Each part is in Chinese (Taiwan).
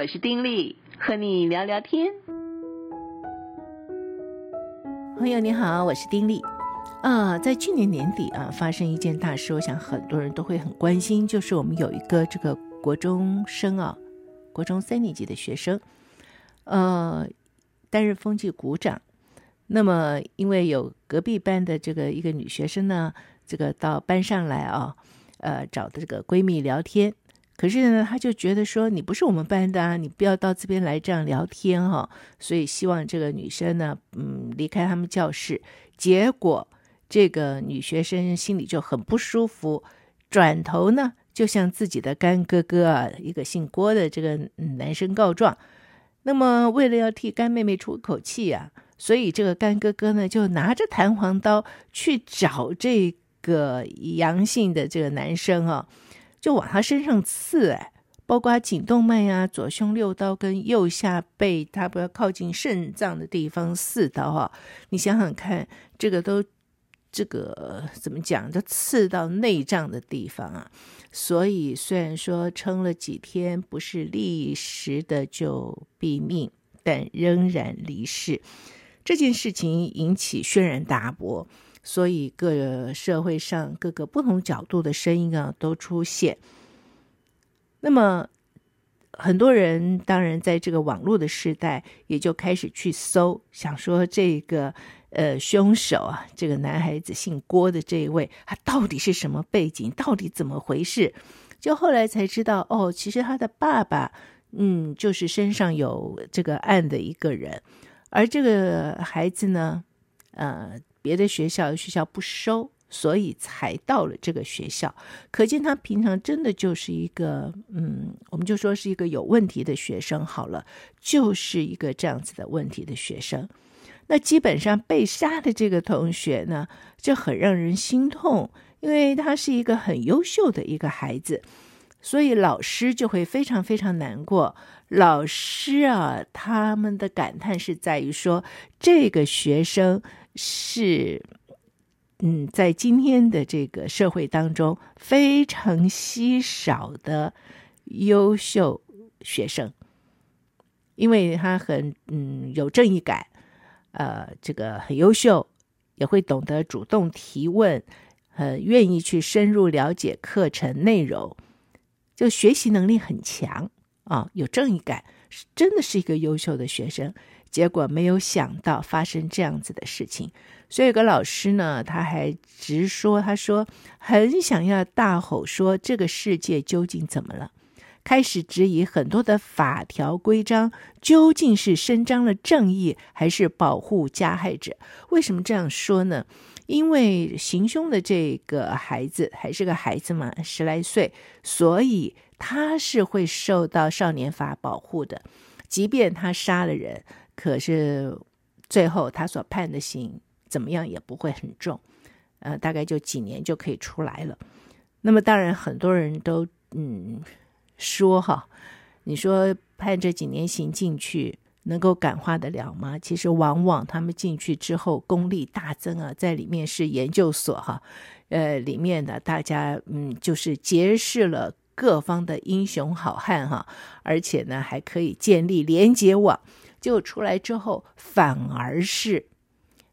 我是丁莉，和你聊聊天。朋友你好，我是丁莉。啊，在去年年底啊，發生一件大事，我想很多人都會很關心，就是我們有一個這個國中生啊，國中三年級的學生，呃，擔任風紀股長。那麼，因為有隔壁班的這個一個女學生呢，這個到班上來啊，呃，找的這個閨蜜聊天。可是呢，他就覺得說你不是我們班的啊，你不要到這邊來這樣聊天哈、哦。所以希望這個女生呢，嗯，離開他們教室。結果這個女學生心裡就很不舒服，轉頭呢就向自己的乾哥哥啊，一個姓郭的這個男生告狀。那麼為了要替乾妹妹出口氣啊，所以這個乾哥哥呢就拿着彈簧刀去找這個姓楊的這個男生啊、哦。就往他身上刺，哎，包括頸動脈啊、左胸六刀跟右下背，他不要靠近腎臟的地方四刀啊！你想想看，這個都，這個怎麼講？都刺到內臟的地方啊！所以雖然說撐了幾天，不是立時的就斃命，但仍然離世。這件事情引起軒然大波。所以，各社會上各個不同角度的聲音啊，都出現。那麼，很多人當然在這個網絡的時代，也就開始去搜，想說這個呃兇手啊，這個男孩子姓郭的這一位，他到底是什麼背景？到底怎麼回事？就後來才知道，哦，其實他的爸爸，嗯，就是身上有這個案的一個人，而這個孩子呢，呃。別的學校學校不收，所以才到了這個學校。可見他平常真的就是一個，嗯，我們就說是一個有問題的學生好了，就是一個這樣子的問題的學生。那基本上被殺的這個同學呢，就很讓人心痛，因為他是一個很優秀的一個孩子，所以老師就會非常非常難過。老師啊，他們的感嘆是在於說這個學生。是，嗯，在今天的這個社會當中，非常稀少的優秀學生，因為他很嗯有正義感，呃，這個很優秀，也會懂得主動提問，呃，很願意去深入了解課程內容，就學習能力很強啊，有正義感。真的是一個優秀的學生，結果沒有想到發生這樣子的事情，所以有個老師呢，他還直說，他說很想要大吼說這個世界究竟怎麼了，開始質疑很多的法條規章，究竟是伸張了正義，還是保護加害者？為什麼這樣說呢？因為行兇的這個孩子還是個孩子嘛，十來歲，所以。他是會受到少年法保護的，即便他殺了人，可是最後他所判的刑怎麼樣也不會很重，呃，大概就幾年就可以出來了。那麼當然很多人都嗯說哈，你說判這幾年刑進去能夠感化得了嗎？其實往往他們進去之後功力大增啊，在裡面是研究所哈，呃，裡面的大家嗯就是結識了。各方的英雄好漢，啊，哈，而且呢，還可以建立連接網。就出來之後，反而是，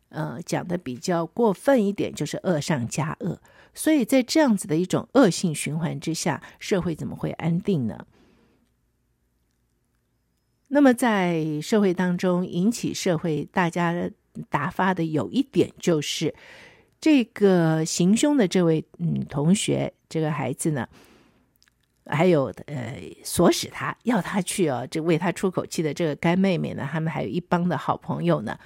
呃，講的比較過分一點，就是惡上加惡。所以在這樣子的一種惡性循環之下，社會怎麼會安定呢？那麼，在社會當中引起社會大家撻伐的有一點，就是這個行兇的這位嗯同學，這個孩子呢。還有，呃，唆使他要他去哦，這為他出口氣的這個乾妹妹呢，他們還有一幫的好朋友呢，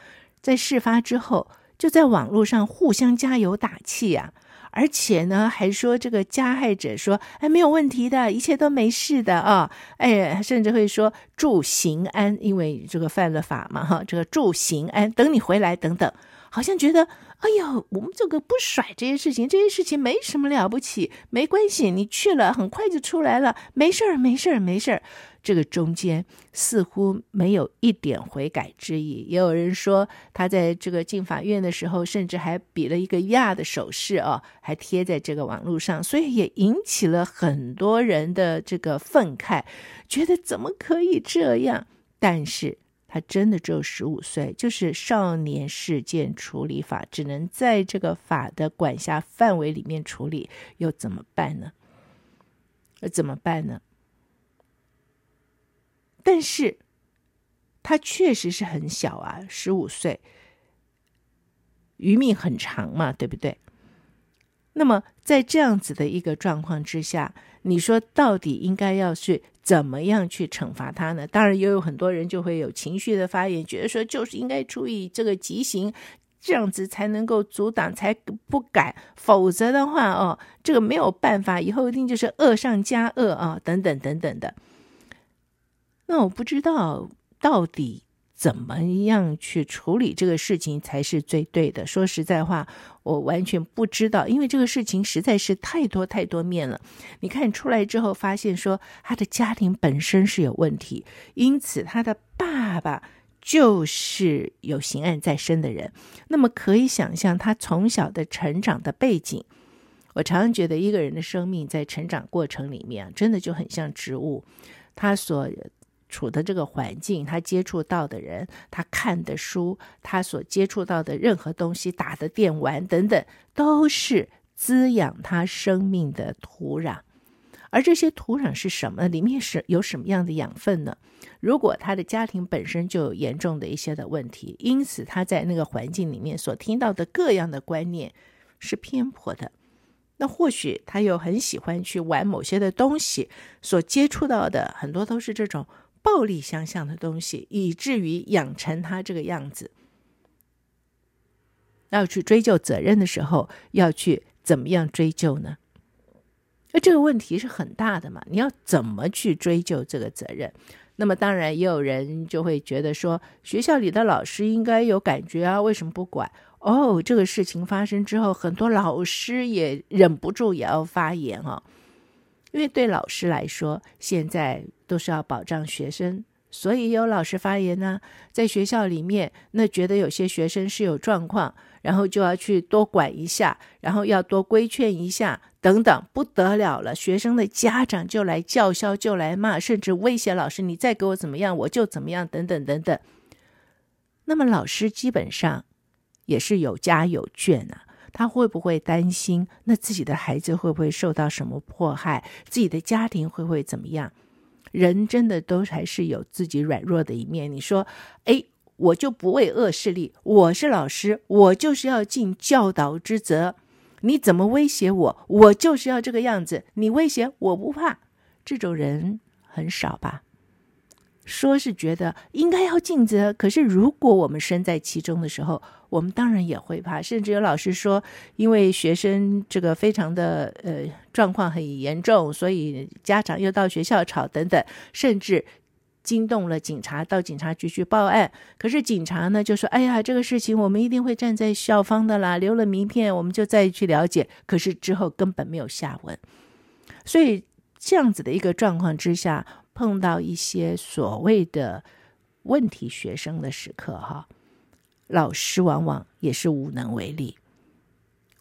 在事發之後就在網絡上互相加油打氣啊，而且呢還說這個加害者說，哎，沒有問題的，一切都沒事的啊，哦，哎，甚至會說住刑安，因為這個犯了法嘛，哈，這個住刑安，等你回來等等。好像覺得，哎呦，我們這個不甩這些事情，這些事情沒什麼了不起，沒關係，你去了很快就出來了，沒事兒，沒事兒，沒事兒。這個中間似乎沒有一點悔改之意。也有人說，他在這個進法院的時候，甚至還比了一個亞的手勢啊、哦，還貼在這個網絡上，所以也引起了很多人的這個憤慨，覺得怎麼可以這樣？但是。他真的只有十五歲，就是少年事件處理法，只能在這個法的管轄範圍裡面處理，又怎麼辦呢？呃，怎麼辦呢？但是，他確實是很小啊，十五歲，餘命很長嘛，對不對？那麼，在這樣子的一個狀況之下。你說到底應該要去怎麼樣去懲罰他呢？當然，也有很多人就會有情緒的發言，覺得說就是應該處以這個極刑，這樣子才能夠阻擋，才不敢，否則的話，哦，這個沒有辦法，以後一定就是惡上加惡啊、哦，等等等等的。那我不知道到底，怎麼樣去處理這個事情才是最對的？說實在話，我完全不知道，因為這個事情實在是太多太多面了。你看出來之後，發現說他的家庭本身是有問題，因此他的爸爸就是有刑案在身的人。那麼可以想象他從小的成長的背景。我常常覺得一個人的生命在成長過程裡面，真的就很像植物，他所。處的這個環境，他接觸到的人，他看的書，他所接觸到的任何東西，打的電玩等等，都是滋養他生命的土壤。而這些土壤是什麼？裡面是有什麼樣的養分呢？如果他的家庭本身就有嚴重的一些的問題，因此他在那個環境裡面所聽到的各樣的觀念是偏頗的。那或許他又很喜歡去玩某些的東西，所接觸到的很多都是這種。暴力相向的東西，以至於養成他這個樣子。要去追究責任的時候，要去怎麼樣追究呢？那這個問題是很大的嘛，你要怎麼去追究這個責任？那麼當然，也有人就會覺得說，學校裡的老師應該有感覺啊，為什麼不管？哦，這個事情發生之後，很多老師也忍不住也要發言啊、哦，因為對老師來說，現在。都是要保障學生，所以有老師發言呢，在學校裡面，那覺得有些學生是有狀況，然後就要去多管一下，然後要多規勸一下，等等，不得了了，學生的家長就來叫囂，就來罵，甚至威脅老師，你再給我怎麼樣，我就怎麼樣，等等等等。那麼老師基本上也是有家有眷吶，他會不會擔心那自己的孩子會不會受到什麼迫害，自己的家庭會不會怎麼樣？人真的都還是有自己軟弱的一面。你說，哎，我就不畏惡勢力，我是老師，我就是要盡教導之責。你怎麼威脅我？我就是要這個樣子。你威脅我不怕，這種人很少吧？說是覺得應該要盡責，可是如果我們身在其中的時候，我們當然也會怕。甚至有老師說，因為學生這個非常的呃狀況很嚴重，所以家長又到學校吵等等，甚至驚動了警察，到警察局去報案。可是警察呢就說：“哎呀，這個事情我們一定會站在校方的啦，留了名片，我們就再去了解。”可是之後根本沒有下文。所以這樣子的一個狀況之下。碰到一些所謂的問題學生的時刻，啊，哈，老師往往也是無能為力。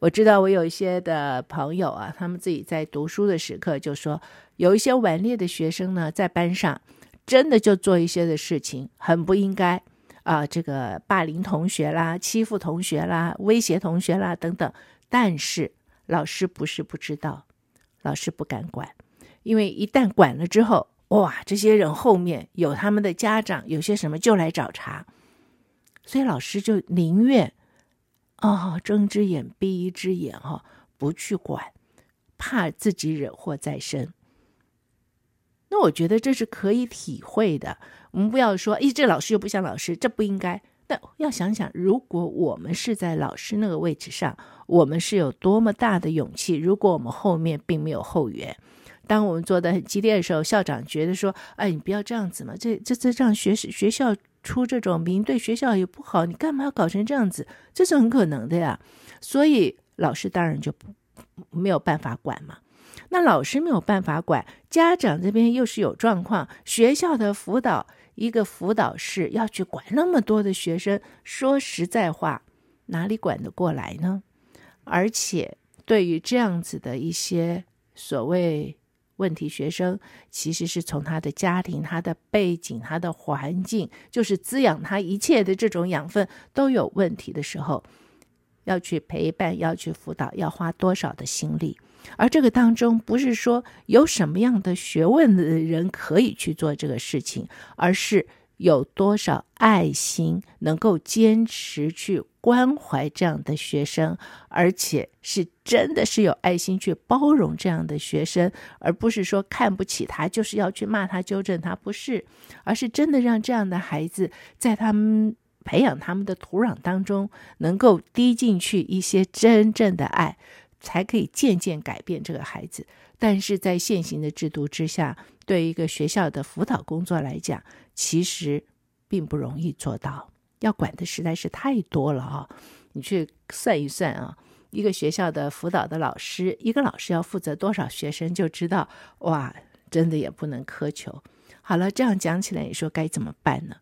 我知道，我有一些的朋友啊，他們自己在讀書的時刻就說，有一些頑劣的學生呢，在班上真的就做一些的事情，很不應該啊，這個霸凌同學啦，欺負同學啦，威脅同學啦等等。但是老師不是不知道，老師不敢管，因為一旦管了之後，哇，這些人後面有他們的家長，有些什麼就來找茬，所以老師就寧願，哦睜隻眼閉一隻眼哦不去管，怕自己惹禍在身。那我覺得這是可以體會的。我們不要說，哎，這老師又不像老師，這不應該。但要想想，如果我們是在老師那個位置上，我們是有多麼大的勇氣？如果我們後面並沒有後援。當我們做的很激烈的時候，校長覺得說：“哎，你不要這樣子嘛，這、這、這讓學學校出這種名，對學校也不好，你幹嘛要搞成這樣子？這是很可能的呀。”所以老師當然就不沒有辦法管嘛。那老師沒有辦法管，家長這邊又是有狀況，學校的輔導，一個輔導室要去管那麼多的學生，說實在話，哪裡管得過來呢？而且對於這樣子的一些所謂……問題學生其實是從他的家庭、他的背景、他的環境，就是滋養他一切的這種養分都有問題的時候，要去陪伴、要去輔導，要花多少的心力。而這個當中，不是說有什麼樣的學問的人可以去做這個事情，而是有多少愛心能夠堅持去。關懷這樣的學生，而且是真的是有愛心去包容這樣的學生，而不是說看不起他，就是要去罵他、糾正他，不是，而是真的讓這樣的孩子在他們培養他們的土壤當中，能夠滴進去一些真正的愛，才可以漸漸改變這個孩子。但是在現行的制度之下，對一個學校的輔導工作來講，其實並不容易做到。要管的實在是太多了啊、哦！你去算一算啊，一個學校的輔導的老師，一個老師要負責多少學生，就知道哇，真的也不能苛求。好了，這樣講起來，你說該怎麼辦呢？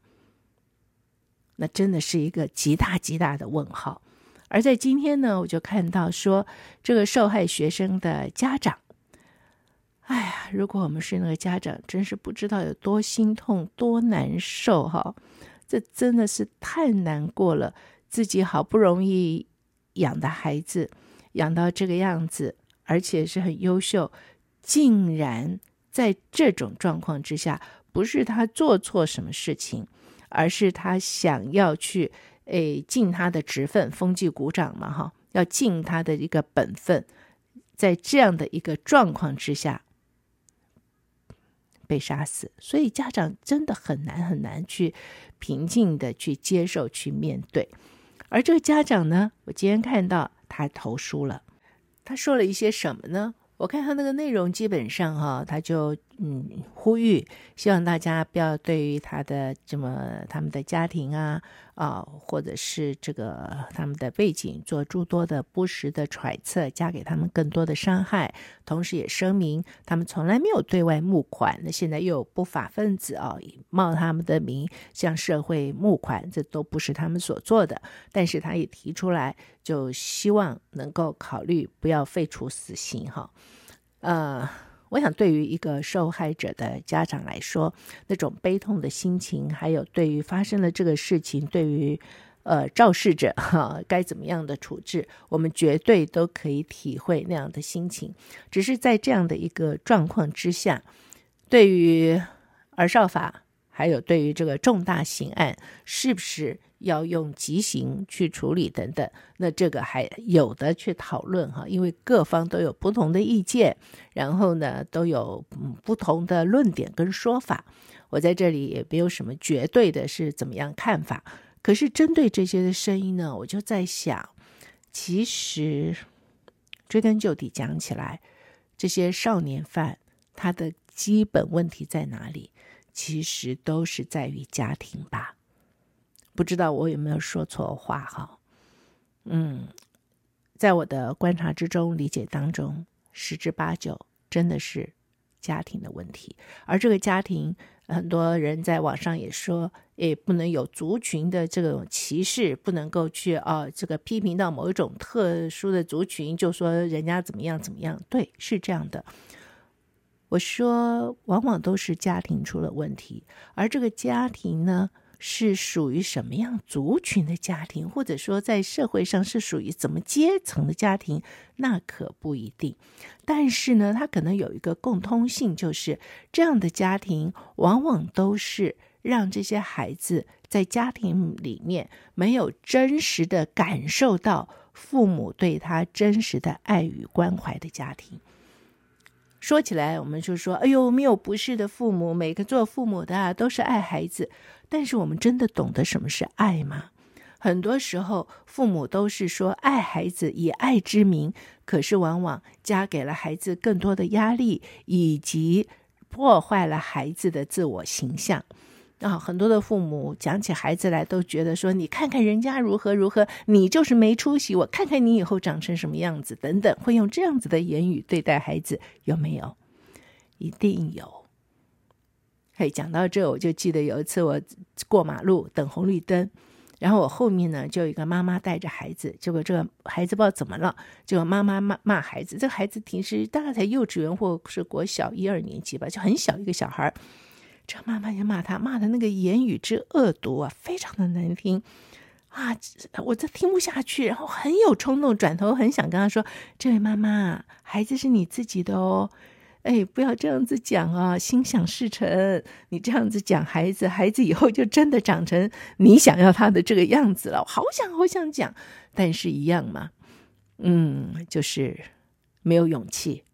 那真的是一個極大極大的問號。而在今天呢，我就看到說這個受害學生的家長，哎呀，如果我們是那個家長，真是不知道有多心痛，多難受哈、哦。這真的是太難過了，自己好不容易養的孩子，養到這個樣子，而且是很優秀，竟然在這種狀況之下，不是他做錯什麼事情，而是他想要去誒盡他的職分，風紀股長嘛，哈，要盡他的一個本分，在這樣的一個狀況之下。被殺死，所以家長真的很難很難去平靜的去接受、去面對。而這個家長呢，我今天看到他投書了，他說了一些什麼呢？我看他那個內容基本上哈、哦，他就。嗯，呼籲希望大家不要對於他的這麼他們的家庭啊啊，或者是這個他們的背景做諸多的不實的揣測，加給他們更多的傷害。同時，也聲明他們從來沒有對外募款。那現在又有不法分子啊冒他們的名向社會募款，這都不是他們所做的。但是，他也提出來，就希望能夠考慮不要廢除死刑。哈、啊，呃。我想，對於一個受害者的家長來說，那種悲痛的心情，還有對於發生了這個事情，對於呃肇事者哈、啊、該怎麼樣的處置，我們絕對都可以體會那樣的心情。只是在這樣的一個狀況之下，對於兒少法，還有對於這個重大刑案，是不是？要用極刑去處理等等，那這個還有的去討論哈、啊，因為各方都有不同的意見，然後呢都有不同的論點跟說法。我在這裡也沒有什麼絕對的是怎麼樣看法。可是針對這些的聲音呢，我就在想，其實追根究底講起來，這些少年犯他的基本問題在哪裡？其實都是在於家庭吧。不知道我有沒有說錯話哈，嗯，在我的觀察之中，理解當中，十之八九真的是家庭的問題。而這個家庭，很多人在網上也說，也、欸、不能有族群的這種歧視，不能夠去啊、呃，這個批評到某一種特殊的族群，就說人家怎麼樣怎麼樣。對，是這樣的。我說，往往都是家庭出了問題，而這個家庭呢？是屬於什麼樣族群的家庭，或者說在社會上是屬於怎麼階層的家庭，那可不一定。但是呢，他可能有一個共通性，就是這樣的家庭往往都是讓這些孩子在家庭裡面沒有真實的感受到父母對他真實的愛與關懷的家庭。說起來，我們就說，哎呦，沒有不是的父母，每個做父母的啊，都是愛孩子，但是我們真的懂得什麼是愛嗎？很多時候，父母都是說愛孩子，以愛之名，可是往往加給了孩子更多的壓力，以及破壞了孩子的自我形象。啊、哦，很多的父母講起孩子來都覺得說：“你看看人家如何如何，你就是沒出息。”我看看你以後長成什麼樣子，等等，會用這樣子的言語對待孩子，有沒有？一定有。嘿，講到這，我就記得有一次我過馬路等紅綠燈，然後我後面呢就有一個媽媽帶着孩子，結果這個孩子不知道怎麼了，就媽媽罵罵孩子。這個、孩子平時大概在幼稚園或是國小一二年級吧，就很小一個小孩。這媽媽也罵他，罵的那個言語之惡毒啊，非常的難聽啊！我這聽不下去，然後很有衝動，轉頭很想跟他說：“這位媽媽，孩子是你自己的哦，哎，不要這樣子講啊！心想事成，你這樣子講孩子，孩子以後就真的長成你想要他的這個樣子了。”我好想好想講，但是一樣嘛，嗯，就是沒有勇氣。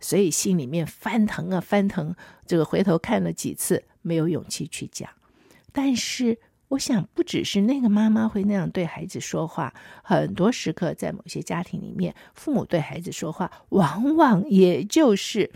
所以心裡面翻騰啊翻騰，這個回頭看了幾次，沒有勇氣去講。但是我想，不只是那個媽媽會那樣對孩子說話，很多時刻在某些家庭裡面，父母對孩子說話，往往也就是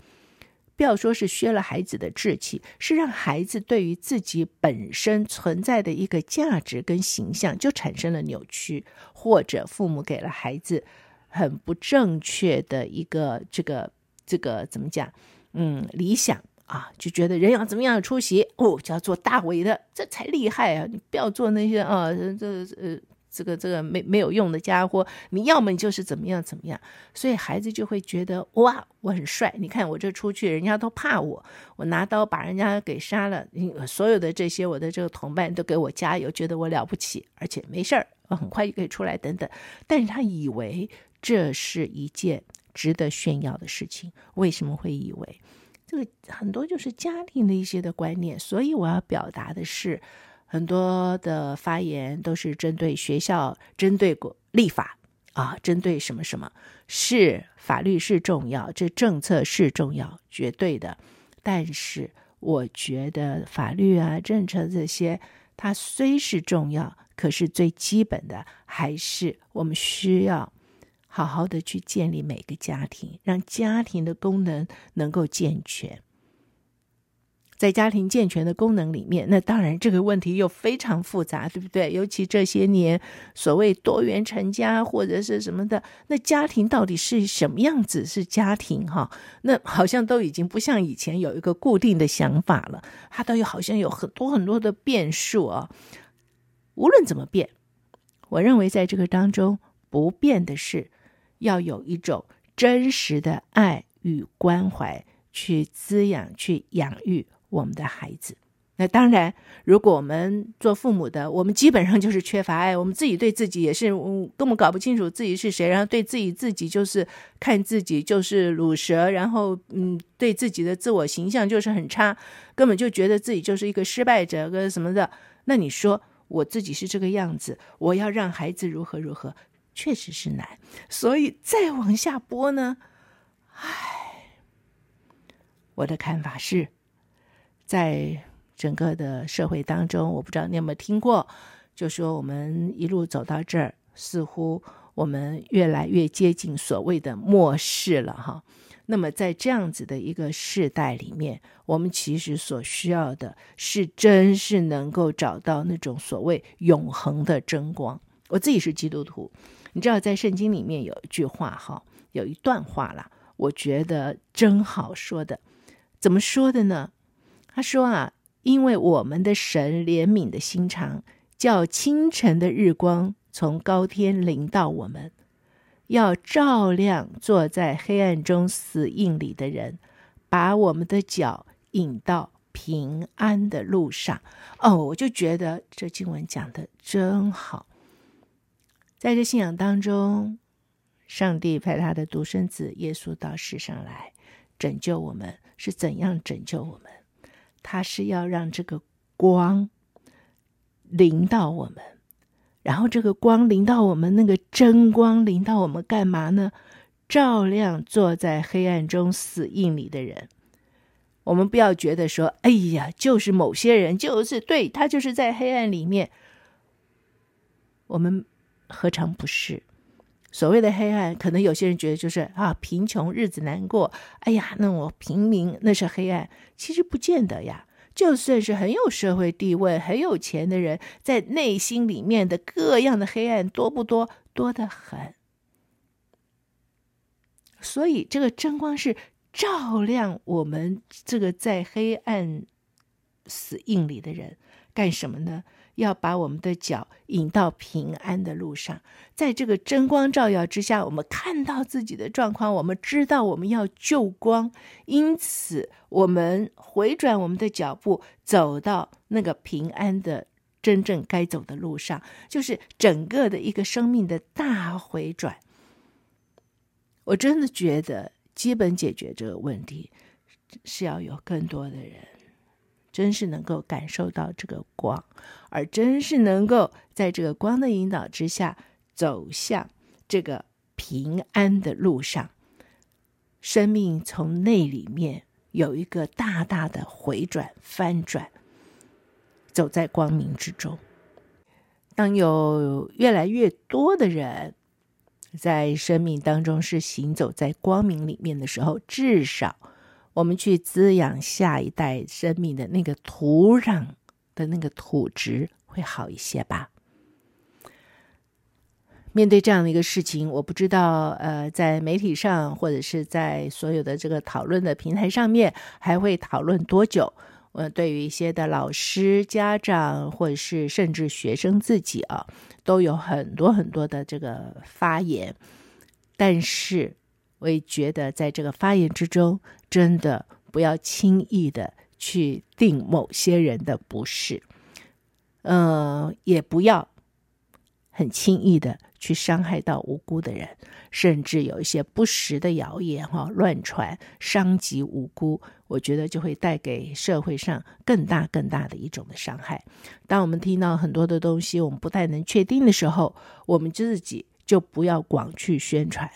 不要說是削了孩子的志氣，是讓孩子對於自己本身存在的一個價值跟形象就產生了扭曲，或者父母給了孩子很不正確的一個這個。這個怎麼講？嗯，理想啊，就覺得人要怎麼樣出息哦，就要做大尾的，這才厲害啊！你不要做那些啊，這呃，這個這個、這個、沒沒有用的家伙。你要麼就是怎麼樣怎麼樣，所以孩子就會覺得哇，我很帥！你看我這出去，人家都怕我，我拿刀把人家給殺了，所有的這些我的這個同伴都給我加油，覺得我了不起，而且沒事兒，我很快就可以出來等等。但是他以為這是一件。值得炫耀的事情。為什麼會以為這個？很多就是家庭的一些的觀念。所以我要表達的是，很多的發言都是針對學校、針對立法啊，針對什麼什麼，是法律是重要，這政策是重要，絕對的。但是我覺得法律啊、政策這些，它雖是重要，可是最基本的還是我們需要，好好的去建立每個家庭，讓家庭的功能能夠健全。在家庭健全的功能裡面，那當然這個問題又非常複雜，對不對？尤其這些年所謂多元成家或者是什麼的，那家庭到底是什麼樣子是家庭、哦？哈，那好像都已經不像以前有一個固定的想法了，它都有好像有很多很多的變數啊、哦。無論怎麼變，我認為在這個當中不變的是。要有一種真實的愛與關懷去滋養、去養育我們的孩子。那當然，如果我們做父母的，我們基本上就是缺乏愛，我們自己對自己也是根本搞不清楚自己是誰，然後對自己自己就是看自己就是魯蛇，然後嗯，對自己的自我形象就是很差，根本就覺得自己就是一個失敗者跟什麼的。那你說我自己是這個樣子，我要讓孩子如何如何？確實是難，所以再往下播呢，唉，我的看法是，在整個的社會當中，我不知道你有沒有聽過，就說我們一路走到這兒，似乎我們越來越接近所謂的末世了哈。那麼在這樣子的一個世代裡面，我們其實所需要的是，真是能夠找到那種所謂永恆的真光。我自己是基督徒。你知道在聖經裡面有一句話哈、哦，有一段話啦，我覺得真好說的。怎麼說的呢？他說啊，因為我們的神憐憫的心腸，叫清晨的日光從高天臨到我們，要照亮坐在黑暗中死蔭裡的人，把我們的腳引到平安的路上。哦，我就覺得這經文講得真好。在這信仰當中，上帝派他的獨生子耶穌到世上來拯救我們，是怎樣拯救我們？他是要讓這個光臨到我們，然後這個光臨到我們，那個真光臨到我們幹嘛呢？照亮坐在黑暗中死蔭裡的人。我們不要覺得說：“哎呀，就是某些人，就是對，他就是在黑暗裡面。”我們。何嘗不是？所謂的黑暗，可能有些人覺得就是啊，貧窮日子難過。哎呀，那我平民那是黑暗，其實不見得呀。就算是很有社會地位、很有錢的人，在內心裡面的各樣的黑暗多不多？多得很。所以，這個真光是照亮我們這個在黑暗死蔭裡的人幹什麼呢？要把我們的腳引到平安的路上。在這個真光照耀之下，我們看到自己的狀況，我們知道我們要救光，因此我們回轉我們的腳步，走到那個平安的真正該走的路上，就是整個的一個生命的大回轉。我真的覺得，基本解決這個問題，是要有更多的人。真是能夠感受到這個光，而真是能夠在這個光的引導之下走向這個平安的路上，生命從內裡面有一個大大的回轉翻轉，走在光明之中。當有越來越多的人在生命當中是行走在光明裡面的時候，至少。我們去滋養下一代生命的那個土壤的那個土質會好一些吧？面對這樣的一個事情，我不知道，呃，在媒體上或者是在所有的這個討論的平台上面，還會討論多久？呃，對於一些的老師、家長，或者是甚至學生自己啊，都有很多很多的這個發言，但是。會覺得在這個發言之中，真的不要輕易的去定某些人的不是，呃，也不要很輕易的去傷害到無辜的人，甚至有一些不實的謠言哈、哦，亂傳傷及無辜，我覺得就會帶給社會上更大更大的一種的傷害。當我們聽到很多的東西，我們不太能確定的時候，我們自己就不要廣去宣傳。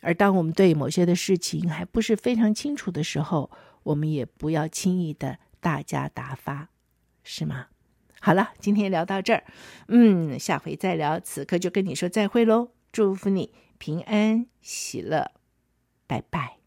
而當我們對某些的事情還不是非常清楚的時候，我們也不要輕易的大加撻伐，是嗎？好了，今天聊到這兒，嗯，下回再聊。此刻就跟你說再會嘍，祝福你平安喜樂，拜拜。